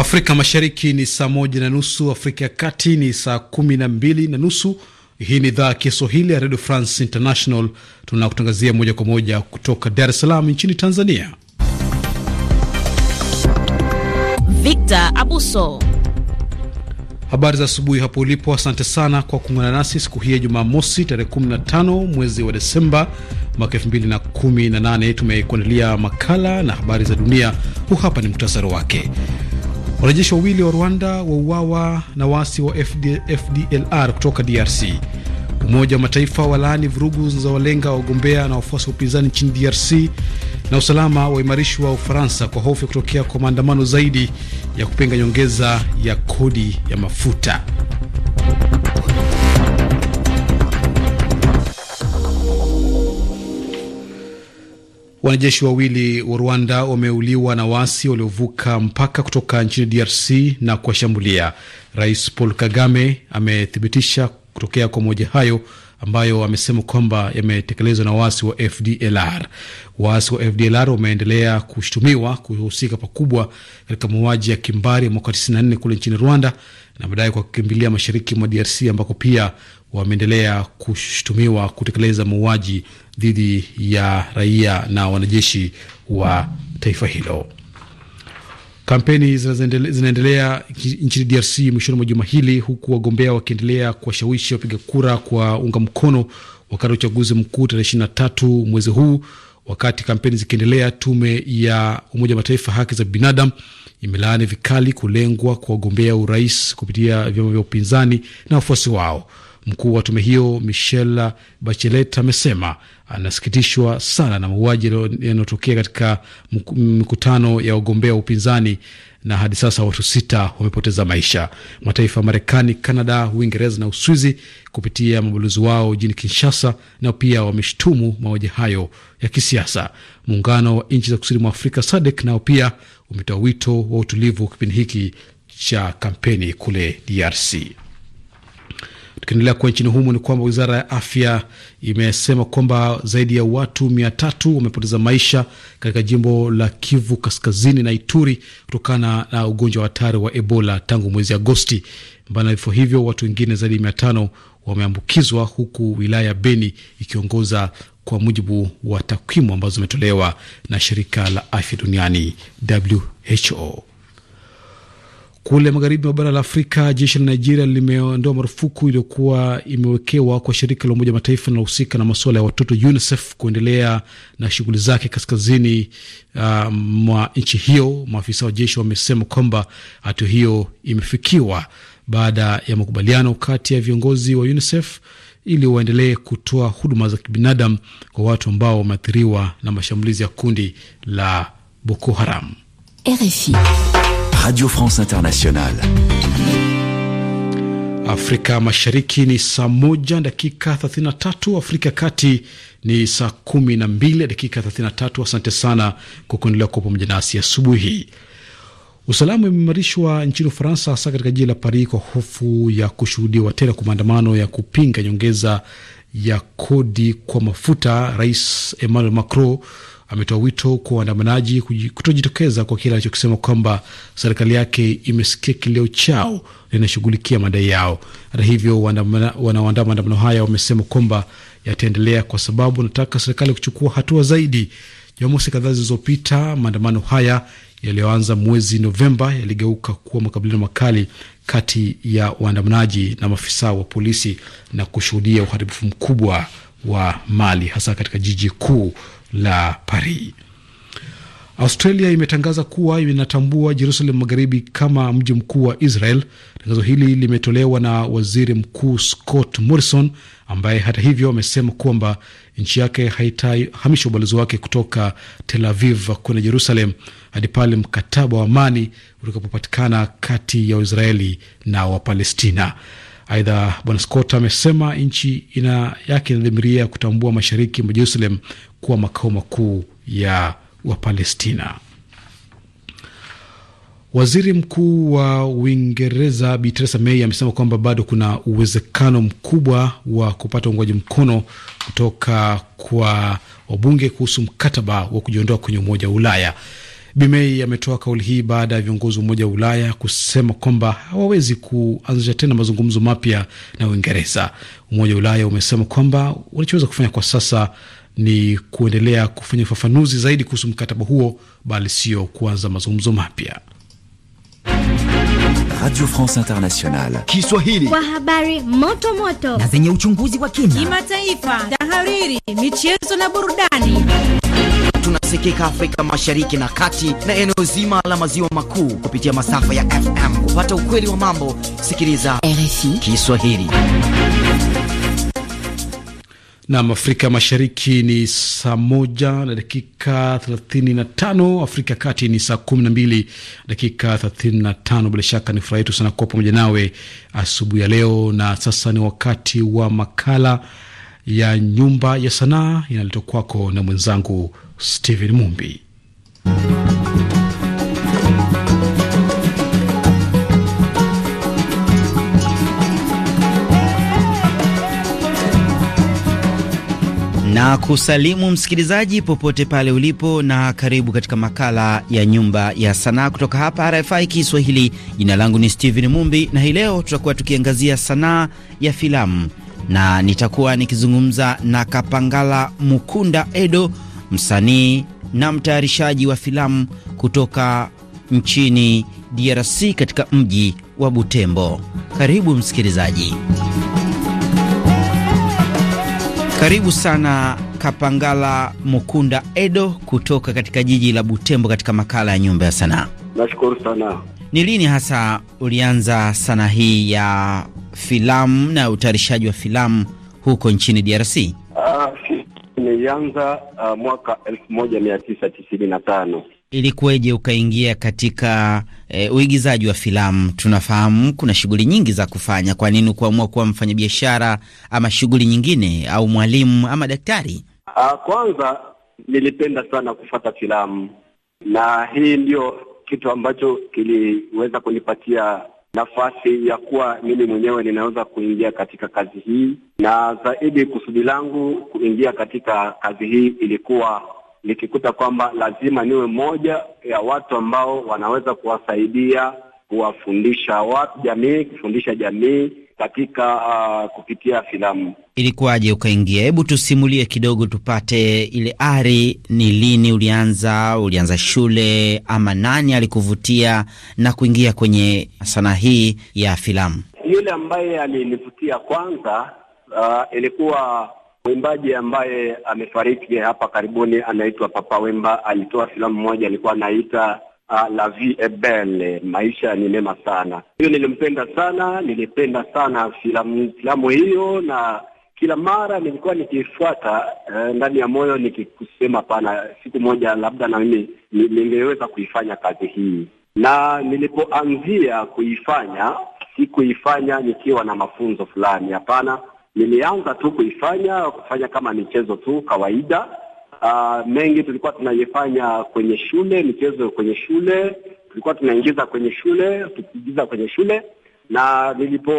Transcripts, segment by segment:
Afrika Mashariki ni saa moja na nusu, Afrika ya Kati ni saa kumi na mbili na nusu. Hii ni idhaa ya Kiswahili ya Redio France International, tunakutangazia moja kwa moja kutoka Dar es Salaam nchini Tanzania. Victor Abuso, habari za asubuhi hapo ulipo. Asante sana kwa kuungana nasi siku hii ya Jumamosi, tarehe 15 mwezi wa Desemba mwaka 2018. Tumekuandalia makala na habari za dunia, huu hapa ni mktasari wake. Wanajeshi wawili wa Rwanda wauawa na waasi wa FD, FDLR kutoka DRC. Umoja wa Mataifa walaani vurugu zinazowalenga wagombea na wafuasi wa upinzani nchini DRC, na usalama waimarishwa Ufaransa kwa hofu ya kutokea kwa maandamano zaidi ya kupinga nyongeza ya kodi ya mafuta. Wanajeshi wawili wa Rwanda wameuliwa na waasi waliovuka mpaka kutoka nchini DRC na kuwashambulia. Rais Paul Kagame amethibitisha kutokea kwa mauaji hayo ambayo amesema kwamba yametekelezwa na waasi wa FDLR. Waasi wa FDLR wameendelea kushutumiwa kuhusika pakubwa katika mauaji ya kimbari ya mwaka 94 kule nchini Rwanda na baadaye kwa kukimbilia mashariki mwa DRC ambako pia wameendelea kushutumiwa kutekeleza mauaji dhidi ya raia na wanajeshi wa taifa hilo. Kampeni zinaendelea nchini DRC mwishoni mwa juma hili, huku wagombea wakiendelea kuwashawishi wapiga kura kwa unga mkono wakati wa uchaguzi mkuu tarehe tatu mwezi huu. Wakati kampeni zikiendelea, tume ya Umoja wa Mataifa haki za binadamu imelaani vikali kulengwa kwa wagombea urais kupitia vyama vya upinzani na wafuasi wao. Mkuu wa tume hiyo Michel Bachelet amesema anasikitishwa sana na mauaji yanayotokea katika mikutano ya wagombea wa upinzani na hadi sasa watu sita wamepoteza maisha. Mataifa ya Marekani, Kanada, Uingereza na Uswizi kupitia mabalozi wao jini Kinshasa nao pia wameshtumu mauaji hayo ya kisiasa. Muungano wa nchi za kusini mwa Afrika SADC nao pia umetoa wito wa utulivu kipindi hiki cha kampeni kule DRC. Tukiendelea kuwa nchini humo, ni kwamba wizara ya afya imesema kwamba zaidi ya watu mia tatu wamepoteza maisha katika jimbo la Kivu Kaskazini na Ituri kutokana na ugonjwa wa hatari wa Ebola tangu mwezi Agosti. Mbali na vifo hivyo, watu wengine zaidi ya mia tano wameambukizwa huku wilaya ya Beni ikiongoza kwa mujibu wa takwimu ambazo zimetolewa na shirika la afya duniani WHO. Kule magharibi mwa bara la Afrika, jeshi la Nigeria limeondoa marufuku iliyokuwa imewekewa kwa shirika la Umoja Mataifa linalohusika na, na masuala ya watoto UNICEF kuendelea na shughuli zake kaskazini uh, mwa nchi hiyo. Maafisa wa jeshi wamesema kwamba hatua hiyo imefikiwa baada ya makubaliano kati ya viongozi wa UNICEF ili waendelee kutoa huduma za kibinadamu kwa watu ambao wameathiriwa na mashambulizi ya kundi la Boko Haram. RFI. Radio France Internationale. Afrika Mashariki ni saa moja dakika 33, Afrika ya Kati ni saa na mbili dakika 33. Asante sana kwa kuendelea kuwa pamoja nasi asubuhi Usalama umeimarishwa nchini Ufaransa, hasa katika jiji la Paris, kwa hofu ya kushuhudiwa tena kwa maandamano ya kupinga nyongeza ya kodi kwa mafuta. Rais Emmanuel Macron ametoa wito kwa waandamanaji kutojitokeza kwa kile alichokisema kwamba serikali yake imesikia kilio chao inashughulikia madai yao. Hata hivyo, wanaoandaa maandamano haya wamesema kwamba yataendelea kwa sababu wanataka serikali kuchukua hatua zaidi. Jumamosi kadhaa zilizopita, maandamano haya yaliyoanza mwezi Novemba yaligeuka kuwa makabiliano makali kati ya waandamanaji na maafisa wa polisi na kushuhudia uharibifu mkubwa wa mali hasa katika jiji kuu la Paris. Australia imetangaza kuwa inatambua Jerusalem magharibi kama mji mkuu wa Israel. Tangazo hili limetolewa na waziri mkuu Scott Morrison, ambaye hata hivyo amesema kwamba nchi yake haitahamisha ubalozi wake kutoka Tel Aviv kwenda Jerusalem hadi pale mkataba wa amani utakapopatikana kati ya Waisraeli na Wapalestina. Aidha, bwana Scott amesema nchi ina yake inadhamiria kutambua mashariki mwa Jerusalem kuwa makao makuu ya Wapalestina. Waziri Mkuu wa Uingereza Bi Theresa May amesema kwamba bado kuna uwezekano mkubwa wa kupata uungwaji mkono kutoka kwa wabunge kuhusu mkataba wa kujiondoa kwenye Umoja wa Ulaya. Bi May ametoa kauli hii baada ya viongozi wa Umoja wa Ulaya kusema kwamba hawawezi kuanzisha tena mazungumzo mapya na Uingereza. Umoja wa Ulaya umesema kwamba unachoweza kufanya kwa sasa ni kuendelea kufanya ufafanuzi zaidi kuhusu mkataba huo, bali sio kuanza mazungumzo mapya. Radio France Internationale Kiswahili, kwa habari moto moto na zenye uchunguzi wa kina, kimataifa, tahariri, michezo na burudani. Tunasikika Afrika Mashariki na Kati na eneo zima la maziwa makuu kupitia masafa ya FM. Kupata ukweli wa mambo, sikiliza RFI Kiswahili. Nam Afrika Mashariki ni saa moja na dakika thelathini na tano. Afrika Kati ni saa kumi na mbili dakika thelathini na tano. Bila shaka ni furaha yetu sana kuwa pamoja nawe asubuhi ya leo, na sasa ni wakati wa makala ya Nyumba ya Sanaa, inaletwa kwako na mwenzangu Steven Mumbi. na kusalimu msikilizaji popote pale ulipo, na karibu katika makala ya nyumba ya sanaa kutoka hapa RFI Kiswahili. Jina langu ni Steven Mumbi, na hii leo tutakuwa tukiangazia sanaa ya filamu na nitakuwa nikizungumza na Kapangala Mukunda Edo, msanii na mtayarishaji wa filamu kutoka nchini DRC katika mji wa Butembo. Karibu msikilizaji. Karibu sana Kapangala Mukunda Edo kutoka katika jiji la Butembo katika makala ya nyumba ya sanaa. Nashukuru sana. Ni lini hasa ulianza sanaa hii ya filamu na utayarishaji wa filamu huko nchini DRC? Ah, Nilianza uh, ah, mwaka elfu moja mia tisa tisini na tano ilikuweje ukaingia katika e, uigizaji wa filamu? Tunafahamu kuna shughuli nyingi za kufanya, kwa nini kuamua kuwa mfanyabiashara ama shughuli nyingine au mwalimu ama daktari? A, ah, kwanza nilipenda sana kufata filamu na hii ndio kitu ambacho kiliweza kunipatia nafasi ya kuwa mimi mwenyewe ninaweza kuingia katika kazi hii, na zaidi kusudi langu kuingia katika kazi hii ilikuwa nikikuta kwamba lazima niwe moja ya watu ambao wanaweza kuwasaidia kuwafundisha watu jamii, kufundisha jamii katika uh, kupitia filamu. Ilikuwaje ukaingia? Hebu tusimulie kidogo tupate ile ari. Ni lini ulianza? Ulianza shule ama nani alikuvutia na kuingia kwenye sanaa hii ya filamu? Yule ambaye alinivutia kwanza, uh, ilikuwa Mwimbaji ambaye amefariki hapa karibuni anaitwa Papa Wemba, alitoa filamu moja alikuwa anaita uh, La Vie Est Belle, maisha ni mema sana. Hiyo nilimpenda sana, nilipenda sana filamu filamu hiyo, na kila mara nilikuwa nikiifuata uh, ndani ya moyo nikikusema, pana siku moja labda na mimi ningeweza kuifanya kazi hii. Na nilipoanzia kuifanya, sikuifanya nikiwa na mafunzo fulani, hapana Nilianza tu kuifanya kufanya kama michezo tu kawaida. Uh, mengi tulikuwa tunaifanya kwenye shule, michezo kwenye shule tulikuwa tunaingiza kwenye shule, tukiingiza kwenye shule na nilipo,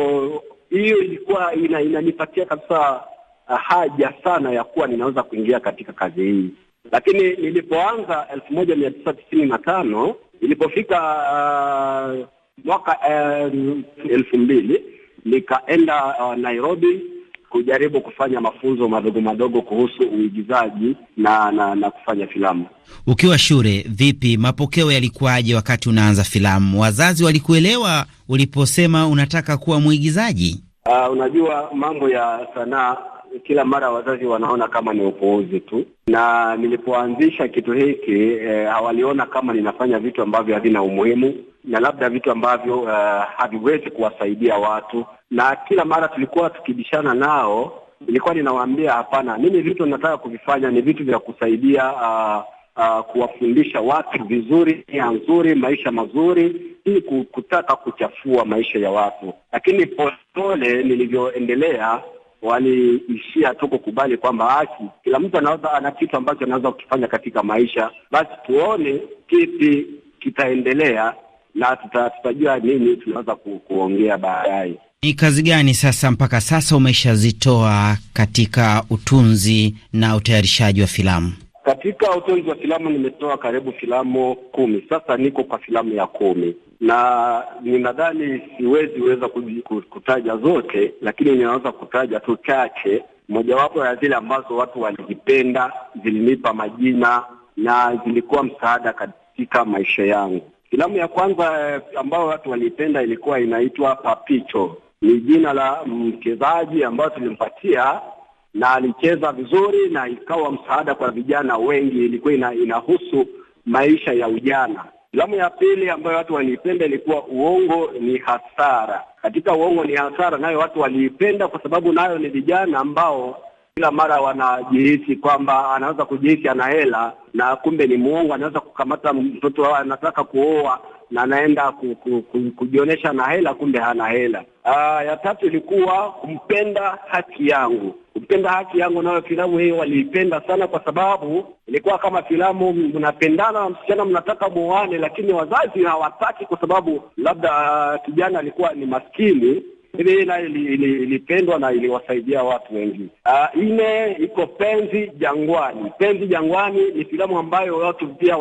hiyo ilikuwa ina, inanipatia kabisa ah, haja sana ya kuwa ninaweza kuingia katika kazi hii, lakini nilipoanza elfu moja mia tisa tisini na tano ilipofika uh, ah, mwaka uh, elfu mbili nikaenda uh, Nairobi kujaribu kufanya mafunzo madogo madogo kuhusu uigizaji na, na, na kufanya filamu. Ukiwa shule, vipi, mapokeo yalikuwaje wakati unaanza filamu? Wazazi walikuelewa uliposema unataka kuwa mwigizaji? Uh, unajua mambo ya sanaa kila mara wazazi wanaona kama ni upuuzi tu, na nilipoanzisha kitu hiki e, hawaliona kama ninafanya vitu ambavyo havina umuhimu na labda vitu ambavyo uh, haviwezi kuwasaidia watu, na kila mara tulikuwa tukibishana nao. Nilikuwa ninawaambia hapana, mimi vitu nataka kuvifanya ni vitu vya kusaidia uh, uh, kuwafundisha watu vizuri, nia nzuri, maisha mazuri, ili kutaka kuchafua maisha ya watu. Lakini polepole nilivyoendelea waliishia tu kukubali kwamba haki, kila mtu anaweza, ana kitu ambacho anaweza kukifanya katika maisha, basi tuone kipi kitaendelea na tuta, tutajua nini tunaweza ku, kuongea baadaye. Ni kazi gani sasa mpaka sasa umeshazitoa katika utunzi na utayarishaji wa filamu? Katika utoizi wa filamu nimetoa karibu filamu kumi, sasa niko kwa filamu ya kumi na ninadhani siwezi weza kutaja zote, lakini ninaweza kutaja tu chache. Mojawapo ya zile ambazo watu walizipenda, zilinipa majina na zilikuwa msaada katika maisha yangu. Filamu ya kwanza eh, ambayo watu waliipenda ilikuwa inaitwa Papicho. Ni jina la mchezaji ambayo tulimpatia na alicheza vizuri na ikawa msaada kwa vijana wengi. Ilikuwa ina, inahusu maisha ya ujana. Filamu ya pili ambayo watu waliipenda ilikuwa Uongo ni Hasara. Katika Uongo ni Hasara nayo watu waliipenda kwa sababu nayo ni vijana ambao kila mara wanajihisi kwamba anaweza kujihisi ana hela na kumbe ni muongo, anaweza kukamata mtoto anataka kuoa na anaenda ku, ku, ku, kujionyesha na hela kumbe hana hela. Aa, ah, ya tatu ilikuwa Kumpenda Haki Yangu kupenda haki yangu, nayo filamu hiyo waliipenda sana, kwa sababu ilikuwa kama filamu mnapendana, msichana mnataka muoane, lakini wazazi hawataki kwa sababu labda uh, kijana alikuwa ni maskini. Hili nayo ilipendwa na iliwasaidia watu wengi. Uh, ine iko Penzi Jangwani. Penzi Jangwani ni filamu ambayo watu pia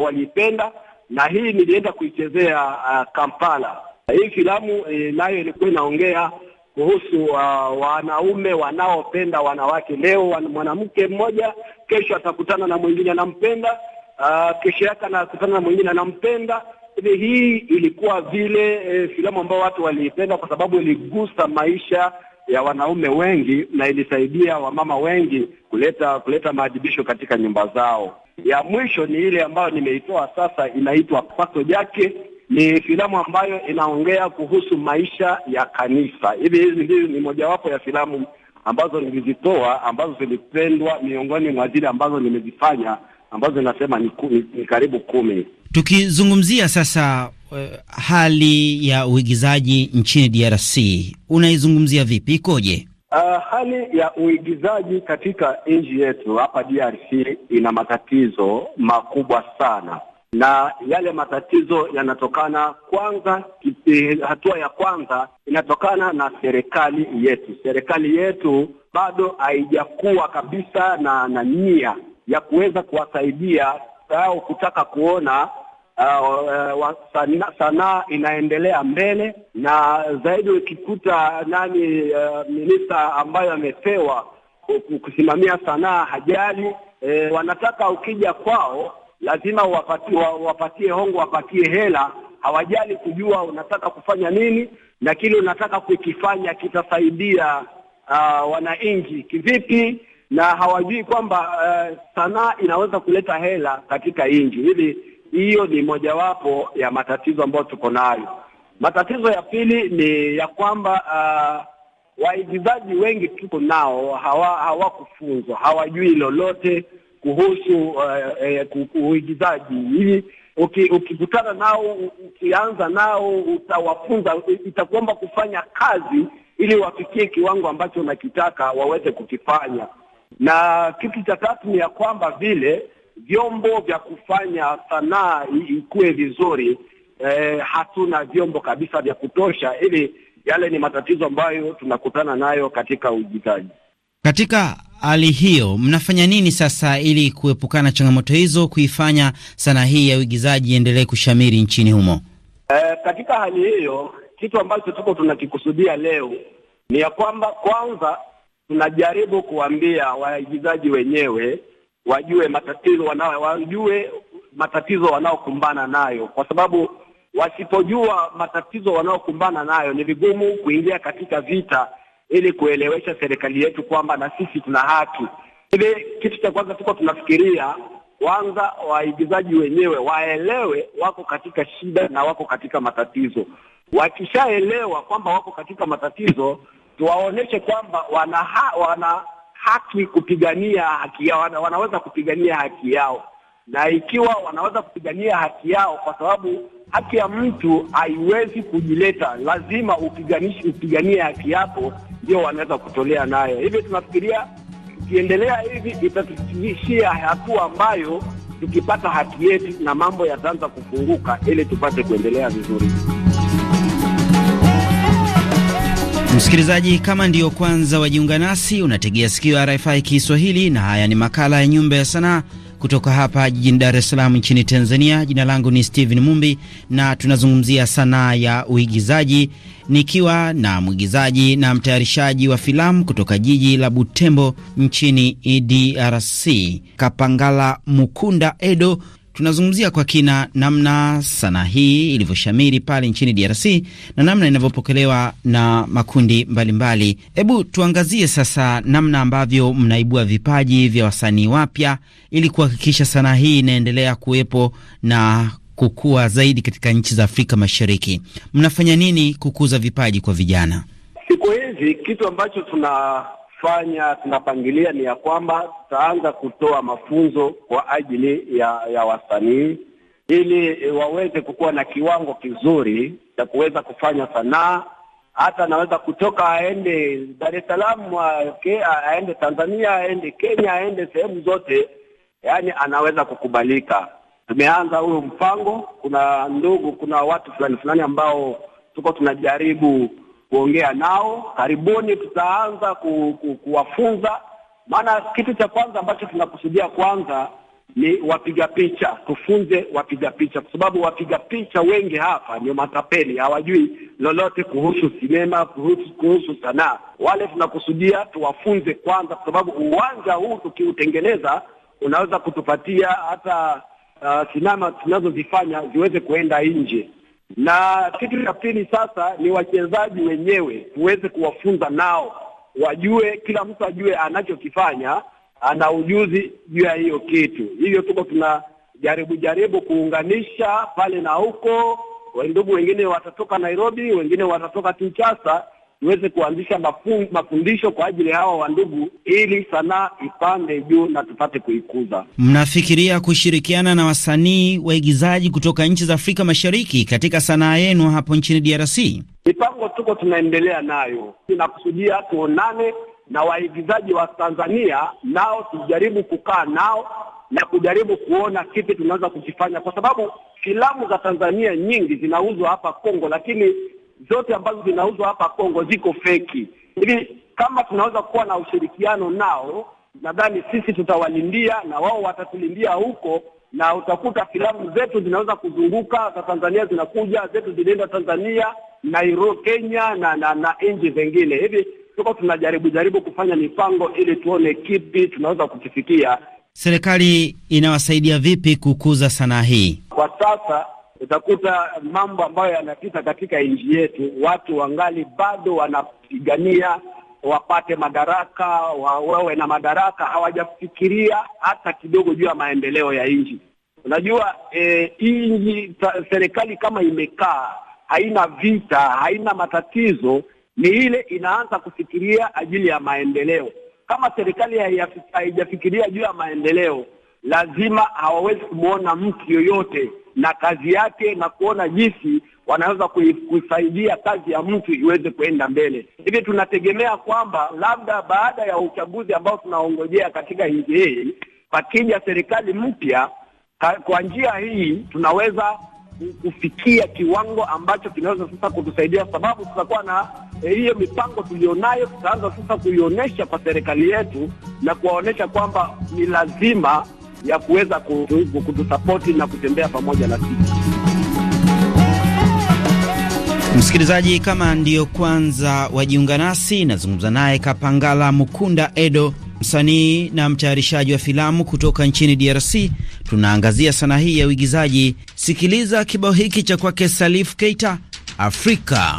waliipenda, na hii nilienda kuichezea uh, Kampala. Hii filamu eh, nayo ilikuwa inaongea kuhusu uh, wanaume wanaopenda wanawake. Leo mwanamke mmoja, kesho atakutana na mwingine anampenda, uh, kesho yake anakutana na mwingine anampenda. Hii ilikuwa vile e, filamu ambayo watu waliipenda kwa sababu iligusa maisha ya wanaume wengi na ilisaidia wamama wengi kuleta kuleta maadhibisho katika nyumba zao. Ya mwisho ni ile ambayo nimeitoa sasa, inaitwa Pato Jake ni filamu ambayo inaongea kuhusu maisha ya kanisa. Hivi hizi ndio ni mojawapo ya filamu ambazo nilizitoa ambazo zilipendwa miongoni mwa zile ambazo nimezifanya ambazo nasema ni, ni, ni karibu kumi. Tukizungumzia sasa uh, hali ya uigizaji nchini DRC unaizungumzia vipi? Ikoje? Uh, hali ya uigizaji katika nchi yetu hapa DRC ina matatizo makubwa sana na yale matatizo yanatokana kwanza, kipi, hatua ya kwanza inatokana na serikali yetu. Serikali yetu bado haijakuwa kabisa na, na nia ya kuweza kuwasaidia au kutaka kuona Uh, uh, sanaa sana inaendelea mbele na zaidi, ukikuta nani uh, minista ambayo amepewa kusimamia sanaa hajali. E, wanataka ukija kwao lazima wapatie, wapatie hongo, wapatie hela. Hawajali kujua unataka kufanya nini na kile unataka kukifanya kitasaidia uh, wananchi kivipi, na hawajui kwamba uh, sanaa inaweza kuleta hela katika nchi hili. Hiyo ni mojawapo ya matatizo ambayo tuko nayo. Matatizo ya pili ni ya kwamba uh, waigizaji wengi tuko nao hawakufunzwa, hawa hawajui lolote kuhusu eh, eh, uigizaji uh, uh, ili ukikutana nao ukianza nao utawafunza, itakuomba kufanya kazi ili wafikie kiwango ambacho unakitaka waweze kukifanya. Na kitu cha tatu ni ya kwamba vile vyombo vya kufanya sanaa ikuwe vizuri eh, hatuna vyombo kabisa vya kutosha, ili yale ni matatizo ambayo tunakutana nayo katika uigizaji. Katika hali hiyo mnafanya nini sasa ili kuepukana changamoto hizo, kuifanya sanaa hii ya uigizaji iendelee kushamiri nchini humo? E, katika hali hiyo kitu ambacho tuko tunakikusudia leo ni ya kwamba kwanza tunajaribu kuambia waigizaji wenyewe wajue matatizo wanao, wajue matatizo wanaokumbana nayo, kwa sababu wasipojua matatizo wanaokumbana nayo ni vigumu kuingia katika vita ili kuelewesha serikali yetu kwamba na sisi tuna haki. Ile kitu cha kwanza tuko tunafikiria kwanza, waigizaji wenyewe waelewe wako katika shida na wako katika matatizo. Wakishaelewa kwamba wako katika matatizo, tuwaoneshe kwamba wana ha, wana haki kupigania haki yao, wanaweza kupigania haki yao na ikiwa wanaweza kupigania haki yao, kwa sababu haki ya mtu haiwezi kujileta, lazima upiganishi upiganie haki yako, ndio wanaweza kutolea nayo. Hivyo tunafikiria tukiendelea hivi itatufikishia hatua ambayo tukipata haki yetu na mambo yataanza kufunguka ili tupate kuendelea vizuri. Msikilizaji, kama ndiyo kwanza wajiunga nasi, unategea sikio RFI Kiswahili, na haya ni makala ya Nyumba ya Sanaa kutoka hapa jijini Dar es Salaam nchini Tanzania. Jina langu ni Steven Mumbi na tunazungumzia sanaa ya uigizaji nikiwa na mwigizaji na mtayarishaji wa filamu kutoka jiji la Butembo nchini e DRC, Kapangala Mukunda Edo tunazungumzia kwa kina namna sanaa hii ilivyoshamiri pale nchini DRC na namna inavyopokelewa na makundi mbalimbali. Hebu mbali, tuangazie sasa namna ambavyo mnaibua vipaji vya wasanii wapya ili kuhakikisha sanaa hii inaendelea kuwepo na kukua zaidi katika nchi za Afrika Mashariki. Mnafanya nini kukuza vipaji kwa vijana siku hizi? Kitu ambacho tuna tunafanya tunapangilia ni ya kwamba tutaanza kutoa mafunzo kwa ajili ya, ya wasanii ili waweze kukuwa na kiwango kizuri cha kuweza kufanya sanaa. Hata anaweza kutoka aende Dar es Salaam, aende Tanzania, aende Kenya, aende sehemu zote, yaani anaweza kukubalika. Tumeanza huyo mpango, kuna ndugu, kuna watu fulani fulani ambao tuko tunajaribu kuongea nao. Karibuni tutaanza ku, ku, kuwafunza, maana kitu cha kwanza ambacho tunakusudia kwanza ni wapiga picha, tufunze wapiga picha, kwa sababu wapiga picha wengi hapa ni matapeli, hawajui lolote kuhusu sinema, kuhusu, kuhusu sanaa. Wale tunakusudia tuwafunze kwanza, kwa sababu uwanja huu tukiutengeneza unaweza kutupatia hata uh, sinema tunazozifanya ziweze kuenda nje na kitu cha pili sasa ni wachezaji wenyewe tuweze kuwafunza nao, wajue, kila mtu ajue anachokifanya, ana ujuzi juu ya hiyo kitu. Hivyo tuko tunajaribu jaribu kuunganisha pale na huko, ndugu wengine watatoka Nairobi, wengine watatoka Kinshasa tuweze kuanzisha mafundisho kwa ajili ya hawa wandugu, ili sanaa ipande juu na tupate kuikuza. Mnafikiria kushirikiana na wasanii waigizaji kutoka nchi za Afrika Mashariki katika sanaa yenu hapo nchini DRC? Mipango tuko tunaendelea nayo, tunakusudia tuonane na waigizaji wa Tanzania nao tujaribu kukaa nao na kujaribu kuona kipi tunaweza kukifanya, kwa sababu filamu za Tanzania nyingi zinauzwa hapa Kongo, lakini zote ambazo zinauzwa hapa Kongo ziko feki. Hivi kama tunaweza kuwa na ushirikiano nao, nadhani sisi tutawalindia na wao watatulindia huko, na utakuta filamu zetu zinaweza kuzunguka za Tanzania, zinakuja zetu zinaenda Tanzania, Nairobi, Kenya na na, na nchi zingine hivi tuko tunajaribu jaribu kufanya mipango ili tuone kipi tunaweza kukifikia. Serikali inawasaidia vipi kukuza sanaa hii kwa sasa? utakuta mambo ambayo yanapita katika nchi yetu, watu wangali bado wanapigania wapate madaraka, wawe na madaraka, hawajafikiria hata kidogo juu ya maendeleo ya nchi. Unajua e, nchi serikali kama imekaa haina vita, haina matatizo, ni ile inaanza kufikiria ajili ya maendeleo. Kama serikali haijafikiria juu ya maendeleo, lazima hawawezi kumwona mtu yoyote na kazi yake na kuona jinsi wanaweza kuisaidia kazi ya mtu iweze kuenda mbele. Hivi tunategemea kwamba labda baada ya uchaguzi ambao tunaongojea katika nchi hii, pakija serikali mpya, kwa njia hii tunaweza kufikia kiwango ambacho kinaweza sasa kutusaidia, sababu tutakuwa na eh, hiyo mipango tulionayo, tutaanza sasa kuionyesha kwa serikali yetu na kuwaonyesha kwamba ni lazima ya kuweza kutusapoti na kutembea pamoja na sisi. Msikilizaji, kama ndiyo kwanza wajiunga nasi, nazungumza naye Kapangala Mukunda Edo, msanii na mtayarishaji wa filamu kutoka nchini DRC. Tunaangazia sanaa hii ya uigizaji. Sikiliza kibao hiki cha kwake Salif Keita, Afrika.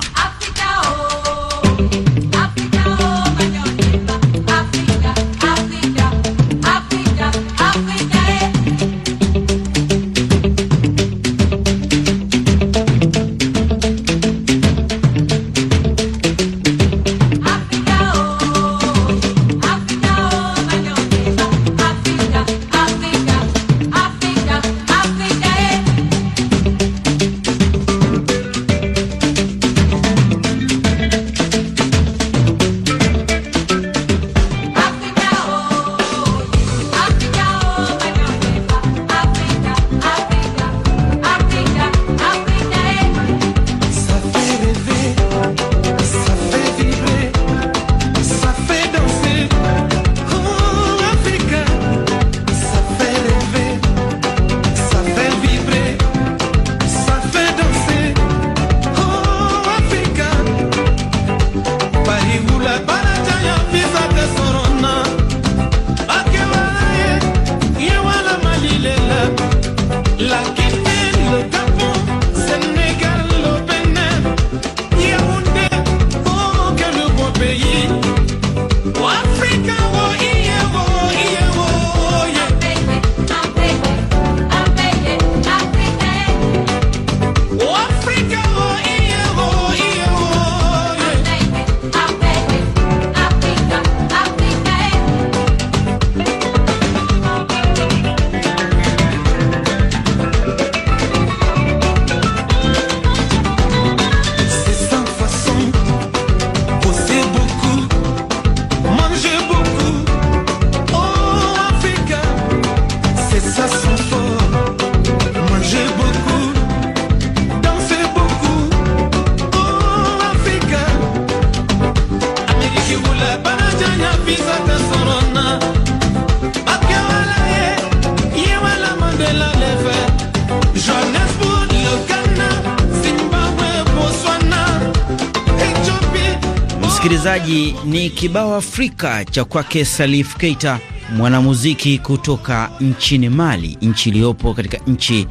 msikilizaji, ni kibao Afrika cha kwake Salif Keita, mwanamuziki kutoka nchini Mali, nchi iliyopo katika nchi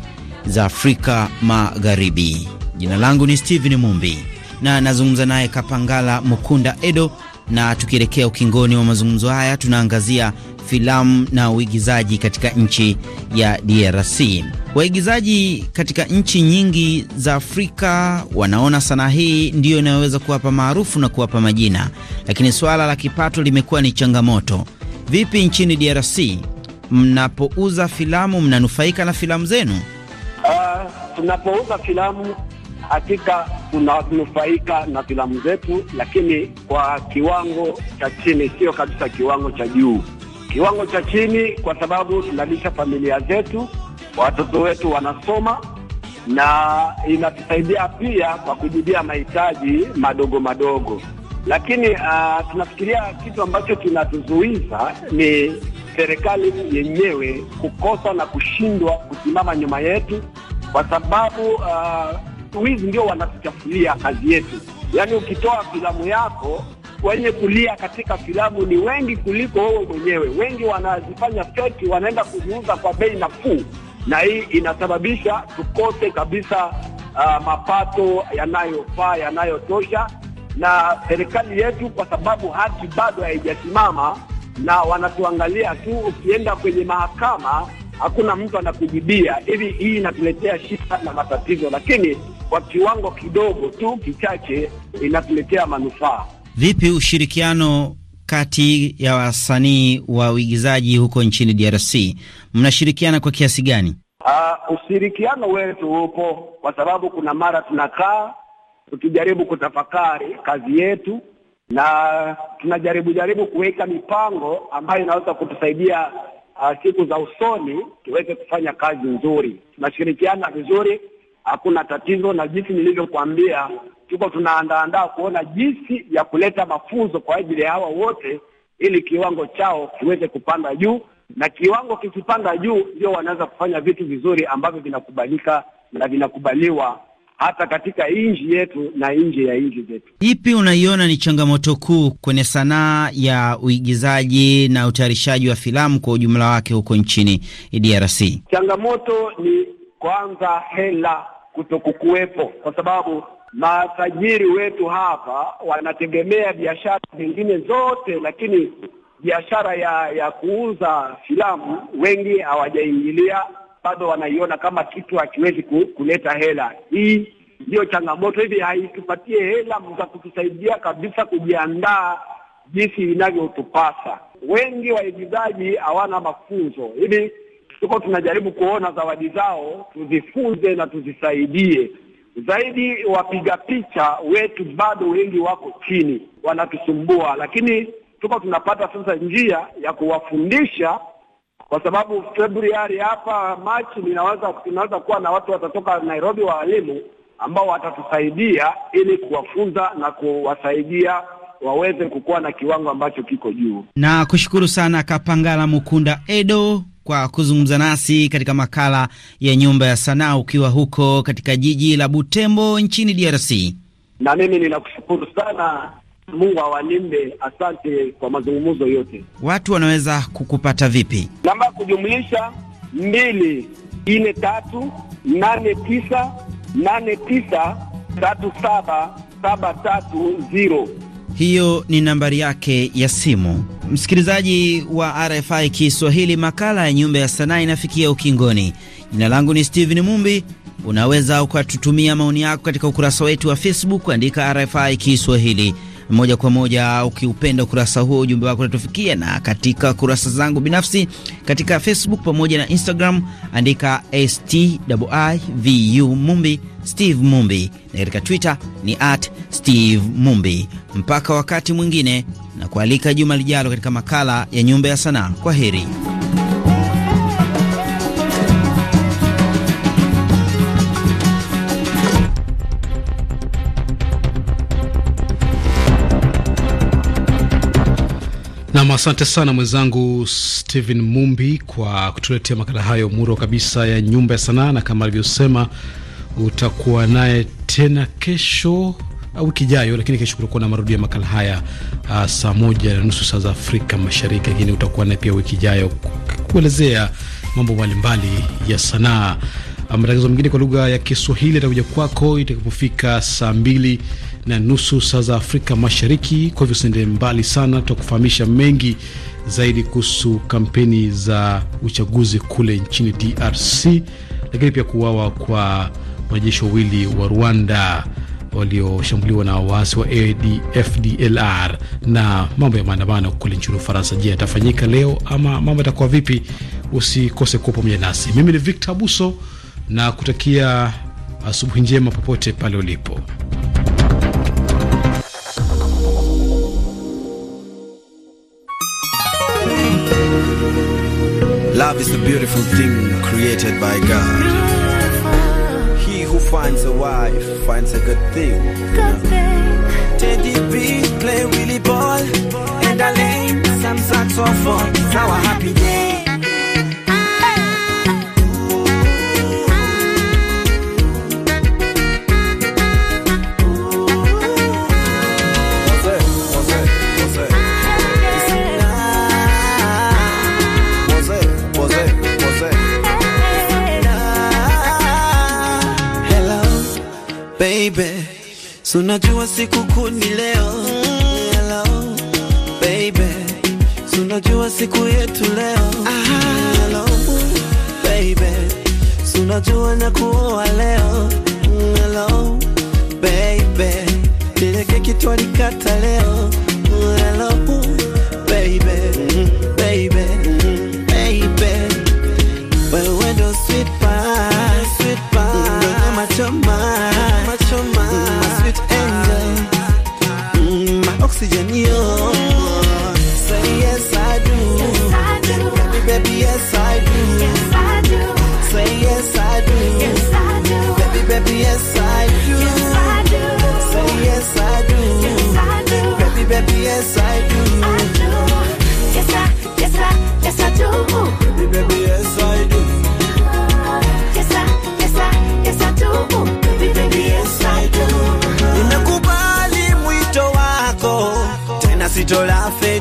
za Afrika Magharibi. Jina langu ni Steven Mumbi na nazungumza naye Kapangala Mukunda Edo, na tukielekea ukingoni wa mazungumzo haya tunaangazia filamu na uigizaji katika nchi ya DRC. Waigizaji katika nchi nyingi za Afrika wanaona sanaa hii ndiyo inayoweza kuwapa maarufu na kuwapa majina, lakini suala la kipato limekuwa ni changamoto. Vipi nchini DRC, mnapouza filamu mnanufaika na filamu zenu? Uh, tunapouza filamu hakika tunanufaika na filamu zetu, lakini kwa kiwango cha chini, sio kabisa kiwango cha juu kiwango cha chini, kwa sababu tunalisha familia zetu, watoto wetu wanasoma, na inatusaidia pia kwa kujibia mahitaji madogo madogo. Lakini uh, tunafikiria kitu ambacho kinatuzuiza ni serikali yenyewe kukosa na kushindwa kusimama nyuma yetu, kwa sababu uh, wizi ndio wanatuchafulia kazi yetu. Yaani, ukitoa filamu yako wenye kulia katika filamu ni wengi kuliko wewe mwenyewe. Wengi wanazifanya feki, wanaenda kuziuza kwa bei nafuu, na hii inasababisha tukose kabisa uh, mapato yanayofaa yanayotosha na serikali yetu, kwa sababu haki bado haijasimama na wanatuangalia tu. Ukienda kwenye mahakama hakuna mtu anakujibia hivi. Hii inatuletea shida na matatizo, lakini kwa kiwango kidogo tu kichache inatuletea manufaa. Vipi ushirikiano kati ya wasanii wa uigizaji huko nchini DRC, mnashirikiana kwa kiasi gani? Uh, ushirikiano wetu upo kwa sababu kuna mara tunakaa tukijaribu kutafakari kazi yetu na tunajaribu jaribu kuweka mipango ambayo inaweza kutusaidia uh, siku za usoni tuweze kufanya kazi nzuri. Tunashirikiana vizuri, hakuna tatizo, na jinsi nilivyokuambia tuko tunaandaandaa kuona jinsi ya kuleta mafunzo kwa ajili ya hawa wote, ili kiwango chao kiweze kupanda juu, na kiwango kikipanda juu, ndio wanaweza kufanya vitu vizuri ambavyo vinakubalika na vinakubaliwa hata katika nchi yetu na nje ya nchi zetu. Ipi unaiona ni changamoto kuu kwenye sanaa ya uigizaji na utayarishaji wa filamu kwa ujumla wake huko nchini DRC? Changamoto ni kwanza hela kutokukuwepo, kwa sababu matajiri wetu hapa wanategemea biashara zingine zote, lakini biashara ya ya kuuza filamu wengi hawajaingilia bado, wanaiona kama kitu hakiwezi kuleta hela. Hii ndiyo changamoto. Hivi haitupatie hela za kutusaidia kabisa kujiandaa jinsi inavyotupasa. Wengi waigizaji hawana mafunzo, hivi tuko tunajaribu kuona zawadi zao tuzifunze na tuzisaidie zaidi. Wapiga picha wetu bado wengi wako chini, wanatusumbua, lakini tuko tunapata sasa njia ya kuwafundisha, kwa sababu Februari hapa Machi ninaweza tunaweza kuwa na watu watatoka Nairobi, waalimu ambao watatusaidia ili kuwafunza na kuwasaidia waweze kukuwa na kiwango ambacho kiko juu. Na kushukuru sana Kapangala Mukunda Edo kwa kuzungumza nasi katika makala ya Nyumba ya Sanaa ukiwa huko katika jiji la Butembo nchini DRC. Na mimi ninakushukuru sana, Mungu awalimbe. Asante kwa mazungumzo yote. Watu wanaweza kukupata vipi? Namba ya kujumlisha mbili nne tatu nane tisa nane tisa tatu saba saba tatu ziro hiyo ni nambari yake ya simu. Msikilizaji wa RFI Kiswahili, makala ya Nyumba ya Sanaa inafikia ukingoni. Jina langu ni Steven Mumbi. Unaweza ukatutumia maoni yako katika ukurasa wetu wa Facebook, andika RFI Kiswahili moja kwa moja. Ukiupenda ukurasa huo, ujumbe wako unatufikia, na katika kurasa zangu binafsi katika Facebook pamoja na Instagram, andika Stivu Mumbi, Steve Mumbi, na katika Twitter ni at Steve Mumbi. Mpaka wakati mwingine, na kualika juma lijalo katika makala ya Nyumba ya Sanaa. Kwa heri. Nam, asante sana mwenzangu Stephen Mumbi kwa kutuletea makala hayo muro kabisa ya nyumba ya sanaa, na kama alivyosema utakuwa naye tena kesho uh, wiki ijayo, lakini kesho kutakuwa na marudio ya makala haya uh, saa moja na nusu saa za Afrika Mashariki, lakini utakuwa naye pia wiki ijayo kuelezea mambo mbalimbali ya sanaa. Um, matangazo mengine kwa lugha ya Kiswahili yatakuja kwako itakapofika saa mbili na nusu saa za Afrika Mashariki. Kwa hivyo usiende mbali sana, tutakufahamisha mengi zaidi kuhusu kampeni za uchaguzi kule nchini DRC, lakini pia kuuawa kwa wanajeshi wawili wa Rwanda walioshambuliwa na waasi wa ADFDLR na mambo ya maandamano kule nchini Ufaransa. Je, yatafanyika leo ama mambo yatakuwa vipi? Usikose kuwa pamoja nasi. Mimi ni Victor Abuso na kutakia asubuhi njema popote pale ulipo. Love is the beautiful thing created by God. He who finds a wife finds a good thing. Teddy B play really ball, and I lay some sacks off for our happy day. Sunajua siku kuni leo hello, baby. Sunajua siku yetu leo hello, baby. Sunajua na kuoa leo hello, baby. Ile keki twalikata leo hello te l'a fait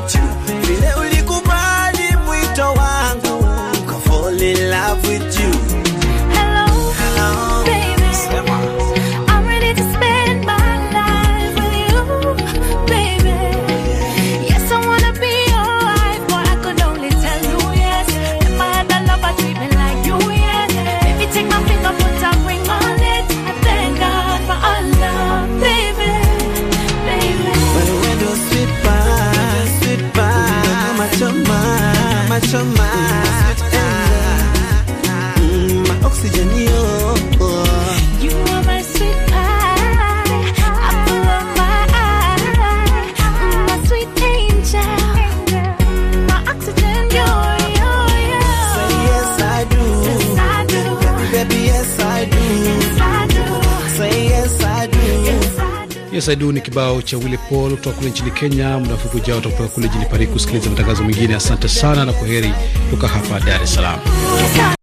kibao cha Willy Paul kutoka kule nchini Kenya. Muda mfupi ujao utakutoka kule jini Paris kusikiliza matangazo mengine. Asante sana na kwa heri kutoka hapa Dar es Salaam.